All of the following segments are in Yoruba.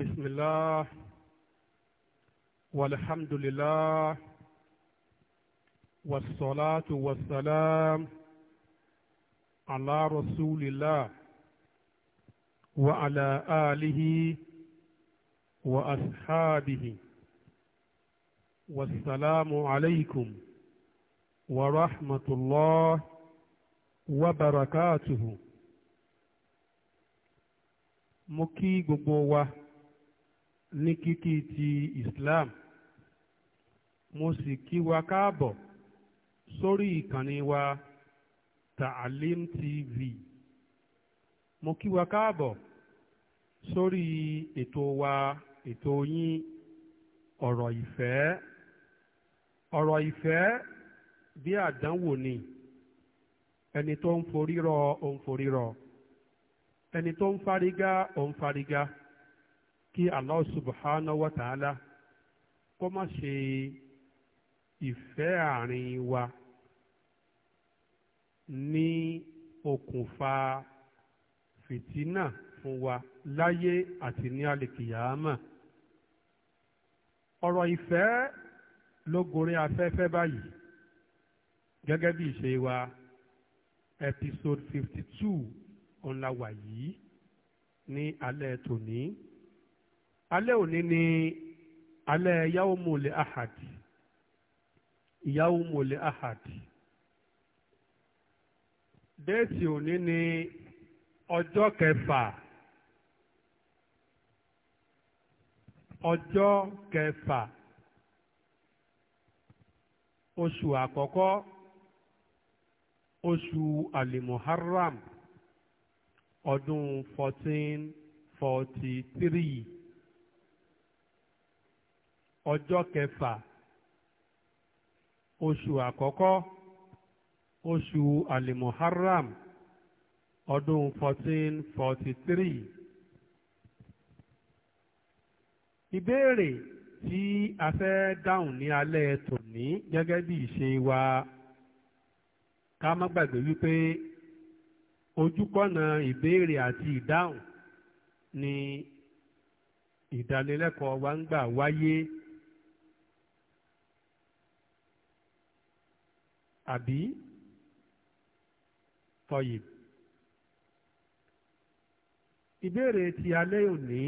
بسم الله والحمد لله والصلاة والسلام على رسول الله وعلى آله وأصحابه والسلام عليكم ورحمة الله وبركاته مكي kí ní kíkí ti Islam mo sì kí wa káàbọ̀ sórí ìkànnì wa Ta'alim TV mo kí wa káàbọ̀ sórí ètò wa ètò yín ọ̀rọ̀ ìfẹ́ ọ̀rọ̀ ìfẹ́ bí àdánwò ni ẹni tó ń forírọ ó ń forírọ ẹni tó ń farigá ó ń farigá kí Allah subhanahu wa ta'ala kó má ṣe ìfẹ́ àárín wa ní okùnfà fìtínà fún wa láyé àti ní àlìkìyàmà ọ̀rọ̀ ìfẹ́ ló gorí afẹ́fẹ́ báyìí gẹ́gẹ́ bí ìṣe wa episode fifty two ọ̀la wà yìí ní alẹ́ tòní. alẹ́ òní ni alẹ́ Ahadi. ahad yaumul ahad déètì òní ni ọjọ́ kẹfà ọjọ́ kẹfà oṣù àkọ́kọ́ oṣù alimuharram ọdún fourteen forty three. ọjọ́ kẹfà oṣù àkọ́kọ́ oṣù alimuharram ọdún 1443. forty three ìbéèrè tí a fẹ́ dáhùn ní alẹ́ tòní gẹ́gẹ́ bí ìṣe wa ká má gbàgbé wípé ojúkọ́nà ìbéèrè àti ìdáhùn ni ìdánilẹ́kọ̀ọ́ wa ń gbà wáyé. àbí tọyì. ìbéèrè ti alẹ́ òní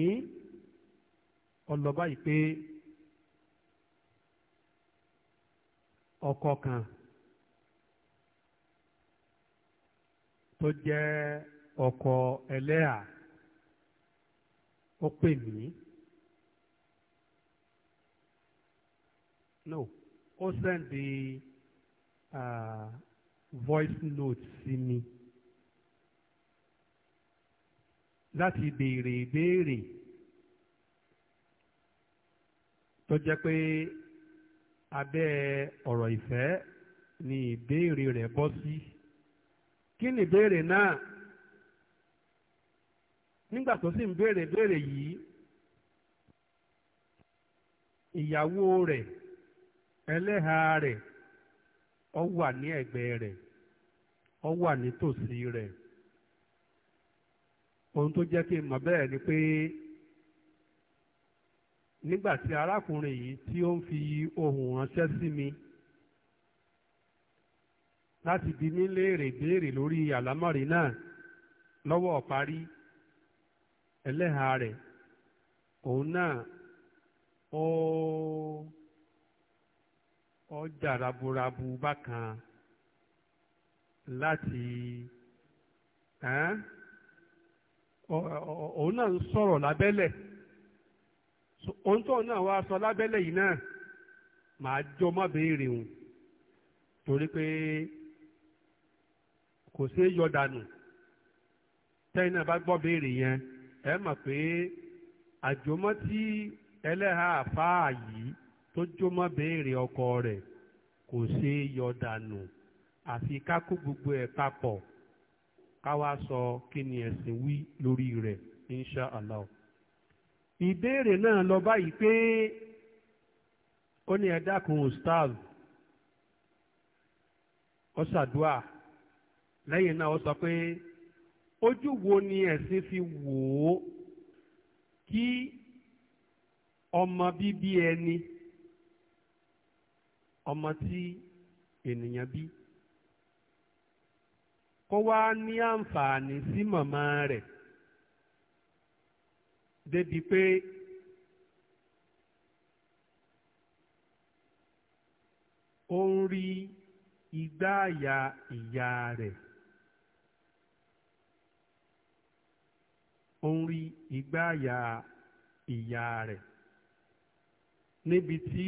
ọlọ́ba yìí pé ọkọ kan tó jẹ́ ọkọ ẹlẹ́à ó pè mí no ó sẹ́ndì. uh, voice note sí mi láti béèrè ìbéèrè tó jẹ́ pé abẹ́ ọ̀rọ̀ ìfẹ́ ni ìbéèrè rẹ bọ́ sí kí ni ìbéèrè náà nígbà tó sì ń béèrè béèrè yìí ìyàwó rẹ̀ ẹlẹ́ha rẹ̀ ọ wà ní ẹ̀gbẹ́ rẹ̀ ọ wà nítòsí rẹ̀ ohun tó jẹ́ kí n mọ̀ bẹ́ẹ̀ ni pé nígbà tí arákùnrin yìí tí ó ń fi ohùn ránṣẹ́ sí mi láti bi mí léèrè béèrè lórí àlámọ̀rí náà lọ́wọ́ parí ẹlẹ́hàá rẹ̀ òun náà ó. Oh, ọjà raburabu bákan láti òun náà ń sọ̀rọ̀ lábẹ́lẹ̀ ohun tó náà wá sọ lábẹ́lẹ̀ yìí náà màá jọ má béèrè torí pé kò sí yọ dànù tẹ́yìn náà bá gbọ́ béèrè yẹn ẹ mọ̀ pé àjọmọ́ tí ẹlẹ́hàá yìí tó jómọ́ béèrè ọkọ rẹ̀ kò ṣeé yọ dànù àfi ká kó gbogbo ẹ̀ papọ̀ ká wá sọ kí ni ẹ̀sìn wí lórí rẹ̀ insha allah. ìbéèrè náà lọ báyìí pé ó ní ẹ dákun ustaz ó lẹ́yìn náà ó sọ pé ojú wo ni ẹ̀sìn fi wò ó kí ọmọ bíbí ẹni. E ọmọ tí ènìyàn bí kó wá ní àǹfààní sí màmá rẹ̀ débi pé ó ń rí igbá àyà ìyá rẹ̀. ó ń rí igbá àyà ìyá rẹ̀ níbi tí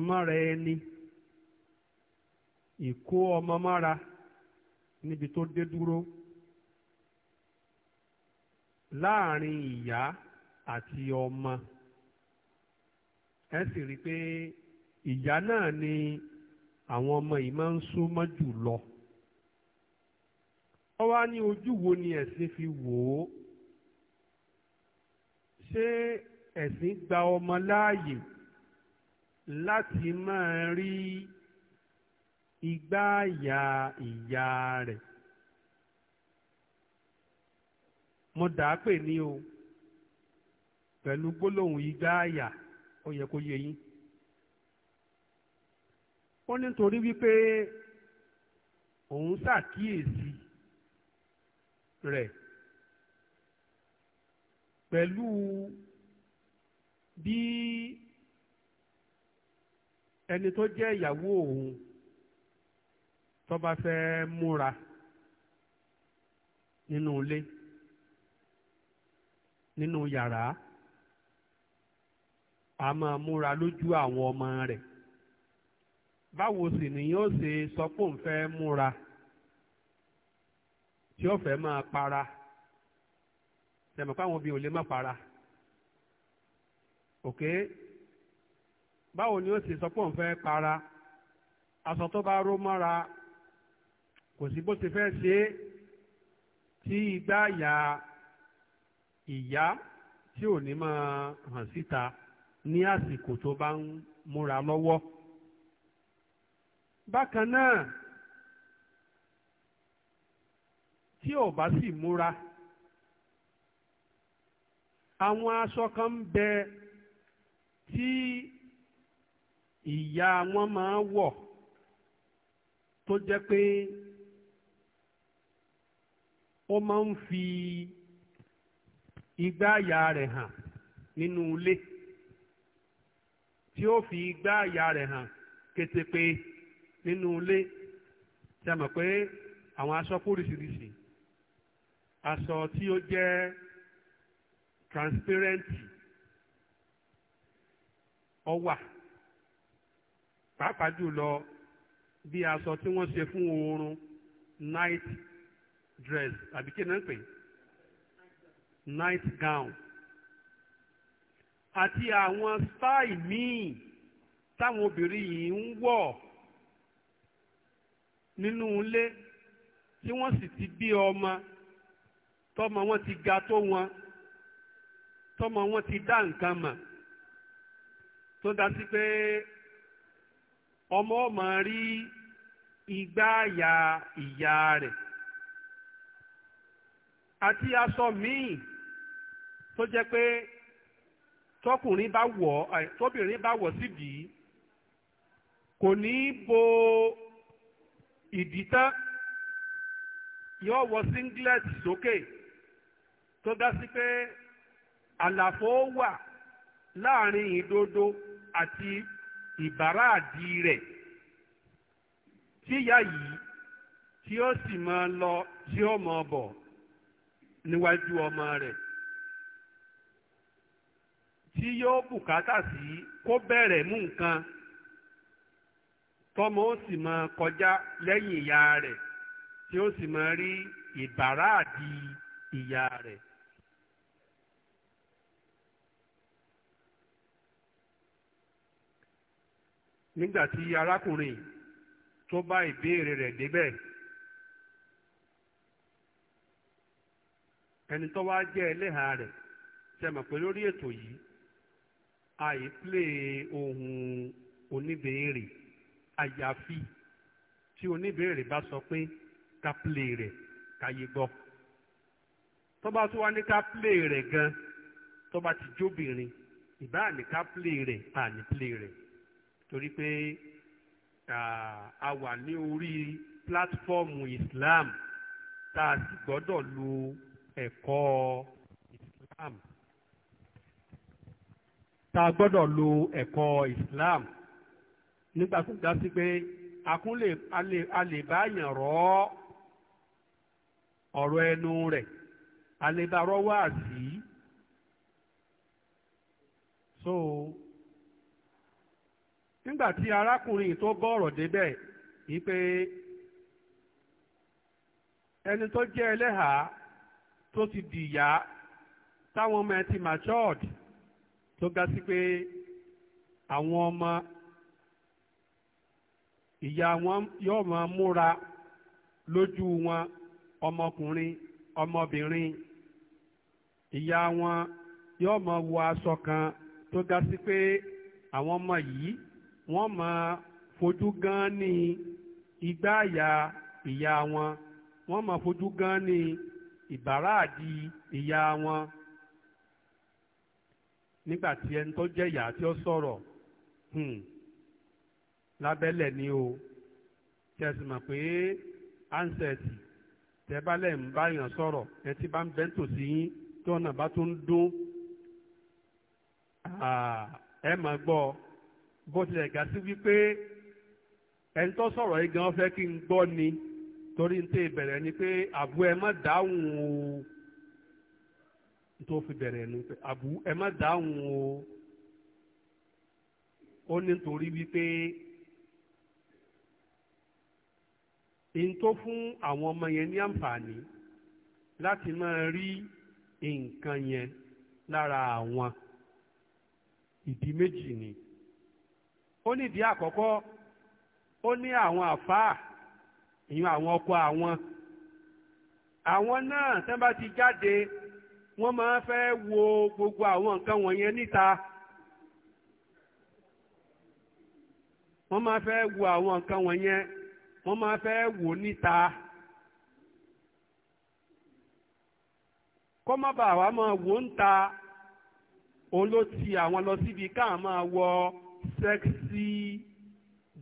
maara ẹni ìkó ọmọ maara níbi tó dé dúró láàrin ìyá àti ọmọ ẹ sì rí i pé ìyá náà ni àwọn ọmọ yìí máa ń súnmọ́ jù lọ ó wá ní ojú wo ni ẹ̀sìn fi wò ó ṣé ẹ̀sìn gba ọmọ láàyè láti máa rí igbá àyà ìyá rẹ̀ mo dà á pè ní o pẹ̀lú gbólóhùn igbá àyà ó yẹ kó yé yín ó nítorí wípé òun ṣàkíyèsí rẹ̀ pẹ̀lú bí ẹni tó jẹ́ ìyàwó òun tó bá fẹ́ múra nínú ilé nínú yàrá a máa múra lójú àwọn ọmọ rẹ̀ báwo sì ni yóò ṣe sọ pé òun fẹ́ múra tí ó fẹ́ máa para tẹ̀mọ̀ pé àwọn obìnrin ò lè má para. ok báwo ni ó sì sọ pé òun fẹ́ para aṣọ tó bá ró mọ́ra kò sí bó ti fẹ́ ṣe é tí igbá àyà ìyá tí ò ní máa hàn síta ní àsìkò tó bá ń múra lọ́wọ́ bákan náà tí ò bá sì múra àwọn aṣọ kan ń bẹ tí ìyá wọn máa wọ̀ tó jẹ́ pé ó máa ń fi igbá àyà rẹ hàn nínú ilé tí ó fi igbá àyà rẹ hàn kété pé nínú ilé tí a mọ̀ pé àwọn aṣọ póríṣiríṣi aṣọ tí ó jẹ́ transparent ọ wà pàápàá jùlọ bí aṣọ tí wọ́n ṣe fún oorun night dress àbí kí ni wọ́n pè night gown àti àwọn style míì táwọn obìnrin yìí ń wọ̀ nínú ilé tí wọ́n sì ti bí ọmọ tọ́mọ wọn ti ga tó wọn tọ́mọ wọn ti dá nǹkan mọ̀ tó dá sí pé ọmọ ọmọ rí igbá àyà ìyá rẹ̀ àti aṣọ míì tó jẹ́ pé tọkùnrin bá wọ̀ tóbìnrin bá wọ̀ síbìí kò ní bo ìdí tán yóò wọ singlet sókè tó dá sí pé àlàfo wà láàrin ìdodo. àti ìbáraàdì rẹ̀ tíyà yìí tí ó sì máa lọ tí ó máa bọ̀ níwájú ọmọ rẹ̀ tí yóò bùkátà sí kó bẹ̀rẹ̀ mú nǹkan tọ́mọ ó sì máa kọjá lẹ́yìn ìyá rẹ̀ tí ó sì máa rí ìbáraàdì ìyá rẹ̀. nígbà tí arákùnrin tó bá ìbéèrè rẹ̀ débẹ̀ ẹni tó wá jẹ́ ẹlẹ́hàá rẹ̀ ṣe mọ̀ pé lórí ètò yìí àìplé ohun oníbèérè àyàfi tí oníbèérè bá sọ pé ká plé rẹ̀ káyé gbọ́ tó bá tún wá ní ká plé rẹ̀ gan tó bá ti jóbìnrin ìbá ní ká plé rẹ̀ àní plé rẹ̀ torí pé a wà ní orí pílátífọ́ọ̀mù Islam tá a sì gbọ́dọ̀ lo ẹ̀kọ́ Islam tá a gbọ́dọ̀ lo ẹ̀kọ́ Islam nígbà tó dá sí pé akún lè a lè bá yàn rọ ọ̀rọ̀ ẹnu rẹ̀ a lè bá rọ wá sí so nígbà tí arákùnrin tó bọ́ ọ̀rọ̀ débẹ̀ wípé ẹni tó jẹ́ ẹlẹ́hà tó ti dìyà táwọn ọmọ ẹ ti matured tó ga sí pé àwọn ọmọ ìyá wọn yóò máa múra lójú wọn ọmọkùnrin ọmọbìnrin ìyá wọn yóò máa wọ aṣọ kan tó ga sí pé àwọn ọmọ yìí wọ́n máa fojú gan ní igbá àyà ìyá wọn wọ́n máa fojú gan ní ìbáraàdì ìyá wọn nígbà tí ẹni tó jẹ́ ìyá tí ó sọ̀rọ̀ hmm, lábẹ́lẹ̀ ni o tẹ̀sí mọ̀ pé ánsẹ̀tì tẹ́bálẹ̀ ń báyàn sọ̀rọ̀ ẹ ti bá ń bẹ́ tòsí yín tí ọ̀nà bá tún dún ẹ máa gbọ́ ọ bó tilẹ̀ gà sí wípé ẹni tó sọ̀rọ̀ yìí gan fẹ́ kí n gbọ́ ni torí n tẹ́ bẹ̀rẹ̀ ni pé àbú ẹ má dáhùn o n tó fi bẹ̀rẹ̀ ni pé àbú ẹ má dáhùn o ó ní torí wípé n tó fún àwọn ọmọ yẹn ní àǹfààní láti máa rí nǹkan yẹn lára àwọn ìdí méjì ni ó ní ìdí àkọ́kọ́ ó ní àwọn àfáà ìyún àwọn ọkọ àwọn àwọn náà tẹ́ bá ti jáde wọ́n máa fẹ́ wo gbogbo àwọn nǹkan wọ̀nyẹn níta wọ́n máa fẹ́ wo àwọn nǹkan wọ̀nyẹn wọ́n máa fẹ́ wò níta kó má bàa wá máa wò ń ta òun àwọn lọ síbi káà máa wọ ọ́ sexy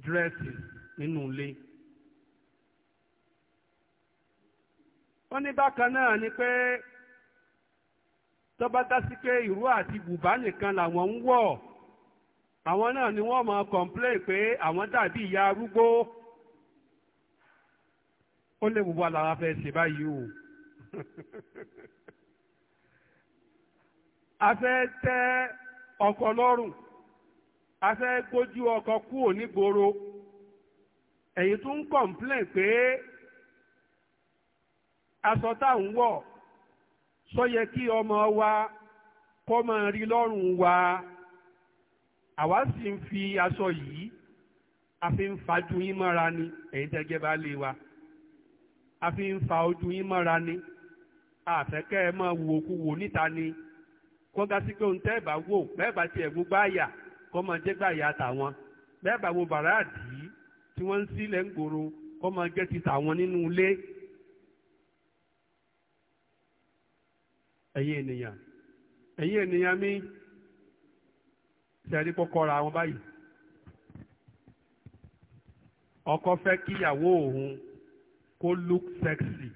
dresses nínú ilé. wọ́n ní bákan náà ni pé tó bá dá sí pé ìró àti bùbá nìkan làwọn ń wọ̀ àwọn náà ni wọ́n máa complain pé àwọn dàbí ìyá arúgbó ó lè wùwà làwọn fẹ́ ṣe báyìí o a fẹ́ tẹ́ ọkọ lọ́rùn. a fẹ́ gbójú ọkọ̀ kúrò nígboro ẹ̀yin tó ń kọ̀ǹplẹ̀n pé aṣọ tá à ń wọ̀ sọ yẹ kí ọmọ wa kọ́ máa rí lọ́rùn wa àwa sì ń fi aṣọ yìí a fi ń fajú yín mọ́ra ni ẹ̀yin tẹ́gẹ́ bá lé wa a fi ń fa ojú yín mọ́ra ni àfẹ́kẹ́ ẹ máa kú ni kọ́gá tẹ́ ẹ bá wò bẹ́ẹ̀ bá tiẹ̀ kọ́ máa jẹ́ gbàyà tàwọn bẹ́ẹ̀ bá wo bàràdì tí wọ́n ń sílẹ̀ ń gbòòrò kọ́ máa jẹ́ ti tàwọn nínú ilé. ẹ̀yin ènìyàn ẹ̀yin ènìyàn mi ṣẹ̀rí kọ́kọ́ ra wọn báyìí ọkọ fẹ́ kíyàwó òun kó look sexy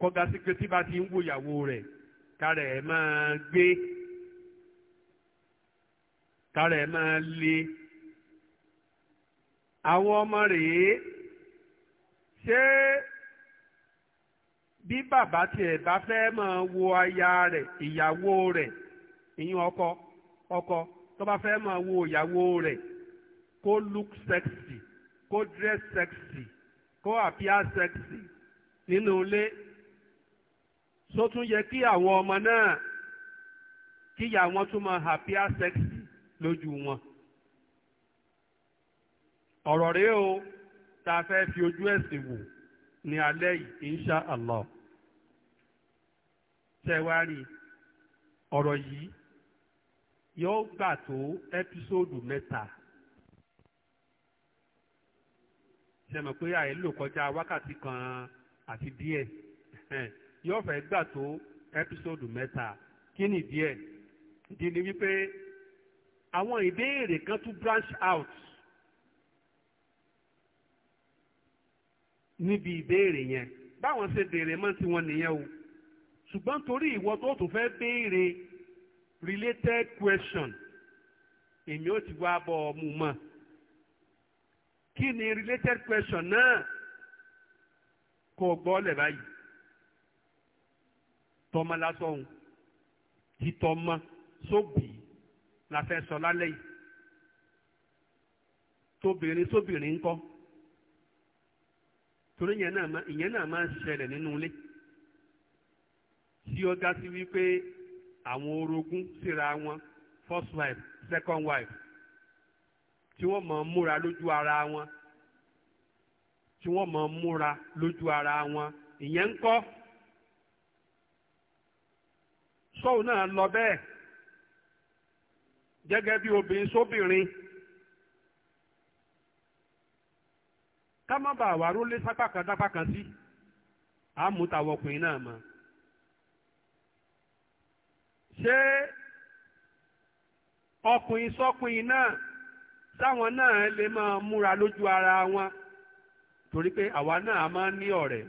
kọ́gá sí pé tí bá ti ń wo ìyàwó rẹ̀ kárẹ̀ ẹ̀ máa gbé tára ẹ̀ máa le àwọn ọmọ rèé ṣé bí bàbá tiẹ̀ bá fẹ́ máa wo aya rẹ̀ ìyàwó rẹ̀ ìyún ọkọ ọkọ tó bá fẹ́ máa wo ìyàwó rẹ̀ kó look sexy kó dress sexy kó appear sexy nínú ilé sótún yẹ kí àwọn ọmọ náà kíyà wọn tún máa appear sexy lójú wọn ọ̀rọ̀ rèé o tá a fẹ́ fi ojú ẹ̀sìn wò ní alẹ́ yìí insha allah ṣẹ̀wárí ọ̀rọ̀ yìí yóò gbà tó ẹ́písòdù mẹ́ta ṣẹ̀mọ̀ pé àìlò kọjá wákàtí kan àti díẹ̀ yóò fẹ́ gbà tó ẹ́písòdù mẹ́ta kí ni díẹ̀ ìdí ni wípé àwọn ìbéèrè kan tún branch out níbi ìbéèrè yẹn báwọn ṣe béèrè mọ́ tiwọn nìyẹn o ṣùgbọ́n torí ìwọ tó tún fẹ́ béèrè related question èmi ò ti wá bọ̀ ọmú mọ́ kí ni related question náà kò gbọ́ lẹ̀ báyìí tọmọ lásán ti tọmọ sóbì. So la fẹ́ sọ lálẹ́ yìí tóbìnrin sóbìnrin ńkọ́ torí ìyẹn náà ìyẹn náà máa ń ṣẹlẹ̀ nínú ilé tí ó dá sí wípé àwọn orogún síra wọn first wife second wife tí wọ́n máa múra lójú ara wọn tí wọ́n máa múra lójú ara wọn ìyẹn ńkọ́ sọ́ọ̀ náà lọ bẹ́ẹ̀. gẹ́gẹ́ bí obìnrin sóbìnrin ká má bàa wà rólé sápá kan dápá kan sí àmútawọkùnrin náà mọ́ ṣé ọkùnrin sọkùnrin náà sáwọn náà lè máa múra lójú ara wọn torí pé àwa náà a máa ń ní ọ̀rẹ́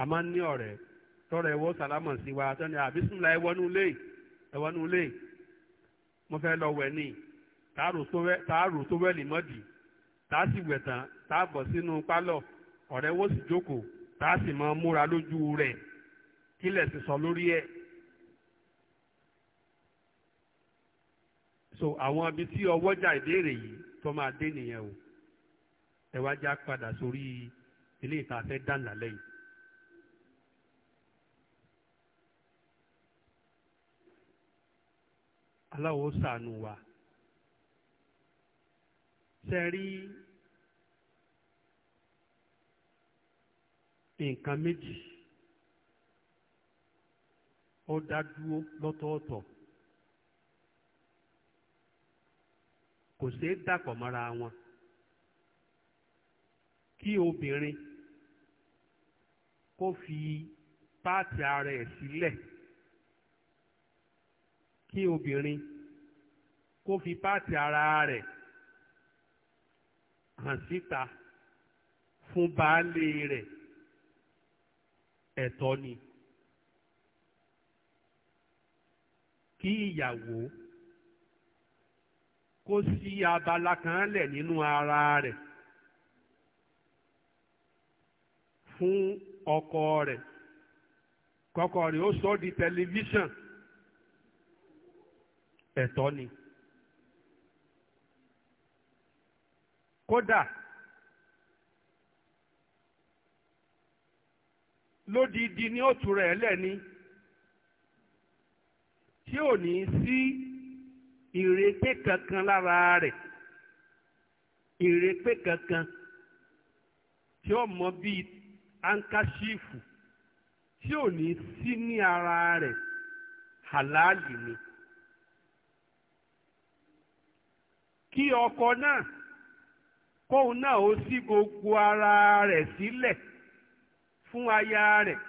a máa ń ní ọ̀rẹ́ tọrọ ẹ̀wọ́ sàlámọ̀ sí wa tọ́ni àbísùnlá ẹ̀wọ́nú lé ẹ̀wọ́nú lé mo fẹ́ lọ wẹ̀ ní tààrò tó wẹ̀ ní mọ́dì tàá sì wẹ̀ tán tàá bọ̀ sínú pálọ̀ ọ̀rẹ́ wo sì jókòó tàá sì máa múra lójú rẹ̀ kílẹ̀ sì sọ lórí ẹ̀. so àwọn ibi tí ọwọ́jà ìbéèrè yìí tó máa dé nìyẹn o ẹ wá já padà sórí ilé ìta fẹ́ dànù lálẹ́ yìí. Allah ó ṣàánú wa ṣe rí nǹkan méjì ó dá dúró lọ́tọ̀ọ̀tọ̀ kò ṣeé dàpọ̀ mọ́ra wọn kí obìnrin kó fi páàtì ara ẹ̀ sílẹ̀. Si kí obìnrin kó fi páàtì ara rẹ̀ hàn síta fún baálé rẹ̀ ẹ̀tọ́ ni kí ìyàwó kó sí abala kan lẹ̀ nínú ara rẹ̀ fún ọkọ rẹ̀ kọkọ rẹ̀ ó sọ di tẹlifíṣàn. ẹ̀tọ́ ni. kódà lódìdí ní òtù rẹ̀ lẹ́ni tí ò ní sí ìrèké kankan lára rẹ̀ ìrèké kankan tí ó mọ bíi ankaṣífù tí ò ní sí ní ara rẹ̀ halali ni. kí ọkọ náà kóun náà ó sí gbogbo ara rẹ̀ sílẹ̀ fún aya rẹ̀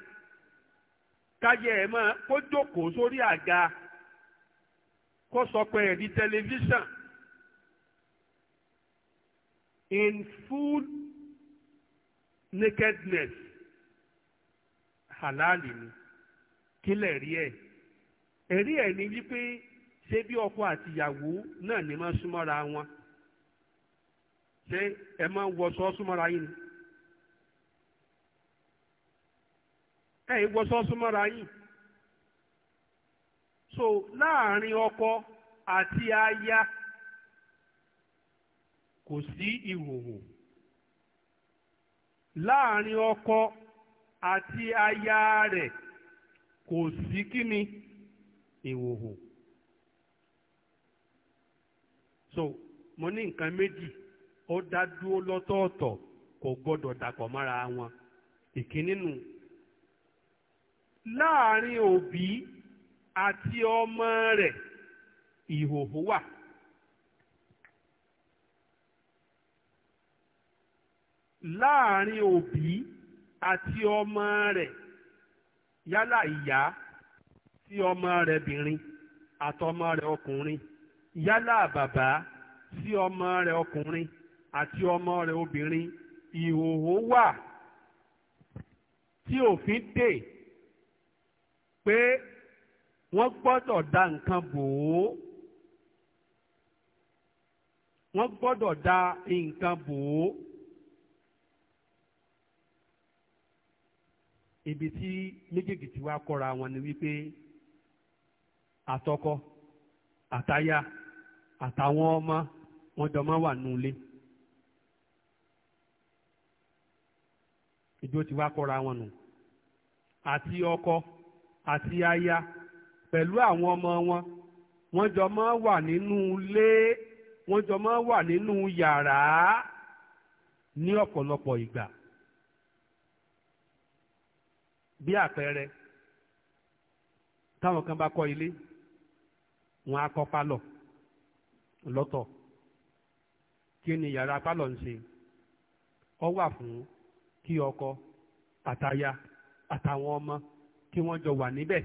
káyẹ ẹ̀ mọ́ kó jókòó sórí àga kó sọ pé ẹ̀rí tẹlifíṣàn in full nakedness halali ni kílẹ̀ rí ẹ̀ ẹ̀rí ẹ̀ ni wípé. ṣé bí ọkọ àti ìyàwó náà ni máa súnmọ́ra wọn ṣé ẹ máa ń wọṣọ súnmọ́ra yín ni ẹ ń wọṣọ súnmọ́ra yín so láàrin ọkọ àti aya kò sí ìhòòhò láàrin ọkọ àti aya rẹ kò sí kíni ìhòòhò. E so mo ní nǹkan méjì ó dá dúró lọ́tọ̀ọ̀tọ̀ kò gbọ́dọ̀ dàpọ̀ mọ́ra wọn ìkíní nù láàrin òbí àti ọmọ rẹ̀ ìhòhò wà. láàrin òbí àti ọmọ rẹ̀ yálà ìyá sí ọmọ rẹ̀ bìnrin àtọmọ rẹ̀ ọkùnrin. yálà bàbá sí ọmọ rẹ̀ ọkùnrin àti ọmọ rẹ̀ obìnrin ìhòòhò wà tí òfin dè pé wọ́n gbọ́dọ̀ da nǹkan bò ó wọ́n gbọ́dọ̀ da nǹkan bò ó ibi tí méjèèjì ti wá kọ́ra wọn ni wípé àtọkọ àtaya àtàwọn ọmọ wọn jọ máa wà nulẹ̀ ìjó ti wá kọ́ra wọn nù àti ọkọ àti aya pẹ̀lú àwọn ọmọ wọn wọ́n jọ máa wà nínú ilé wọ́n jọ máa wà nínú yàrá ní ọ̀pọ̀lọpọ̀ ìgbà bí àpẹẹrẹ táwọn kan bá kọ́ ilé wọ́n á kọ́ pálọ̀ lọ́tọ̀ kí ni yàrá pálọ̀ ń ṣe ọ wà fún kí ọkọ àtaya àtàwọn ọmọ kí wọ́n jọ wà níbẹ̀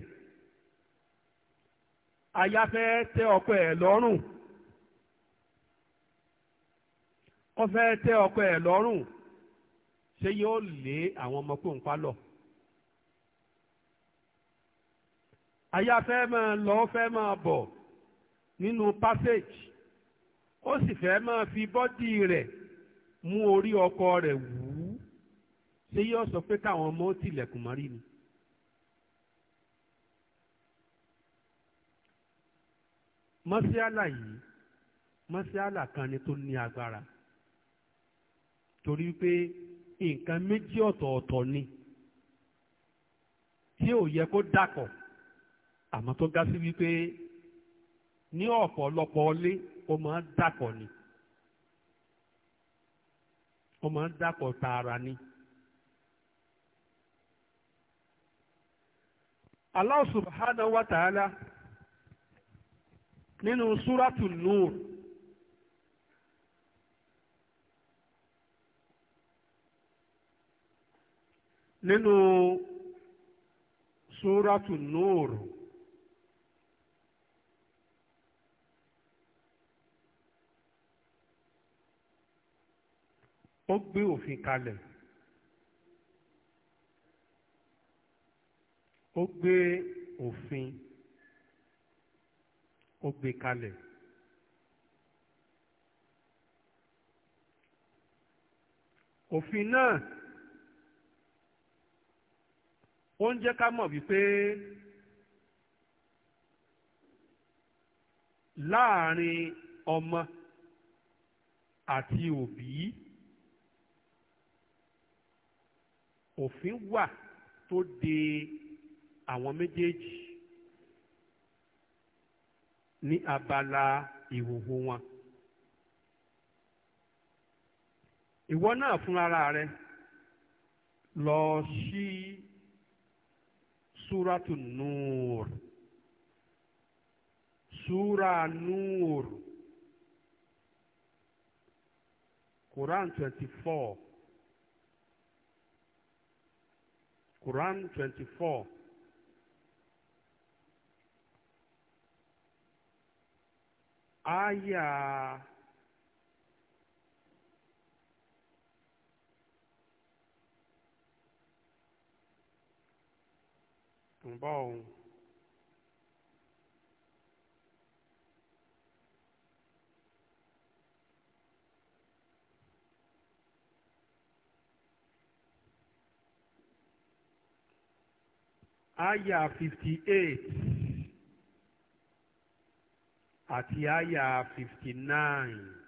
aya fẹ́ tẹ ọkọ ẹ̀ lọ́rùn ó fẹ́ tẹ ọkọ ẹ̀ lọ́rùn ṣé yóò lé àwọn ọmọ kó ń palọ̀ aya fẹ́ máa lọ fẹ́ máa bọ̀ nínú passage ó sì fẹ́ máa fi bọ́dì rẹ̀ mú orí ọkọ rẹ̀ wù ú ṣé yóò sọ pé káwọn ọmọ ó tilẹ̀kùn mọ́rí ni. mọ́síálà yìí mọ́síálà kan ni tó ní agbára torí pé nǹkan méjì ọ̀tọ̀ọ̀tọ̀ ni tí ò yẹ kó dàpọ̀ àmọ́ tó ga sí wípé ní ọ̀pọ̀lọpọ̀ ọlé ó máa ń dàpọ̀ ni ó máa ń dàpọ̀ tààrà ni. Allah subhanahu wa ta'ala nínú súrátù Nur nínú súrátù Nur. ó gbé òfin kalẹ̀ ó gbé òfin ó gbé kalẹ̀ òfin náà ó ń jẹ́ ká mọ̀ wípé láàárín ọmọ àti òbí. òfin wà tó de àwọn méjèèjì ní abala ìhòòhò wọn. ìwọ náà fúnra rẹ lọ sí súrátù nùr súrà nùr Quran twenty four. Quran twenty four. Aya ń àyà fifty eight àti àyà fifty nine.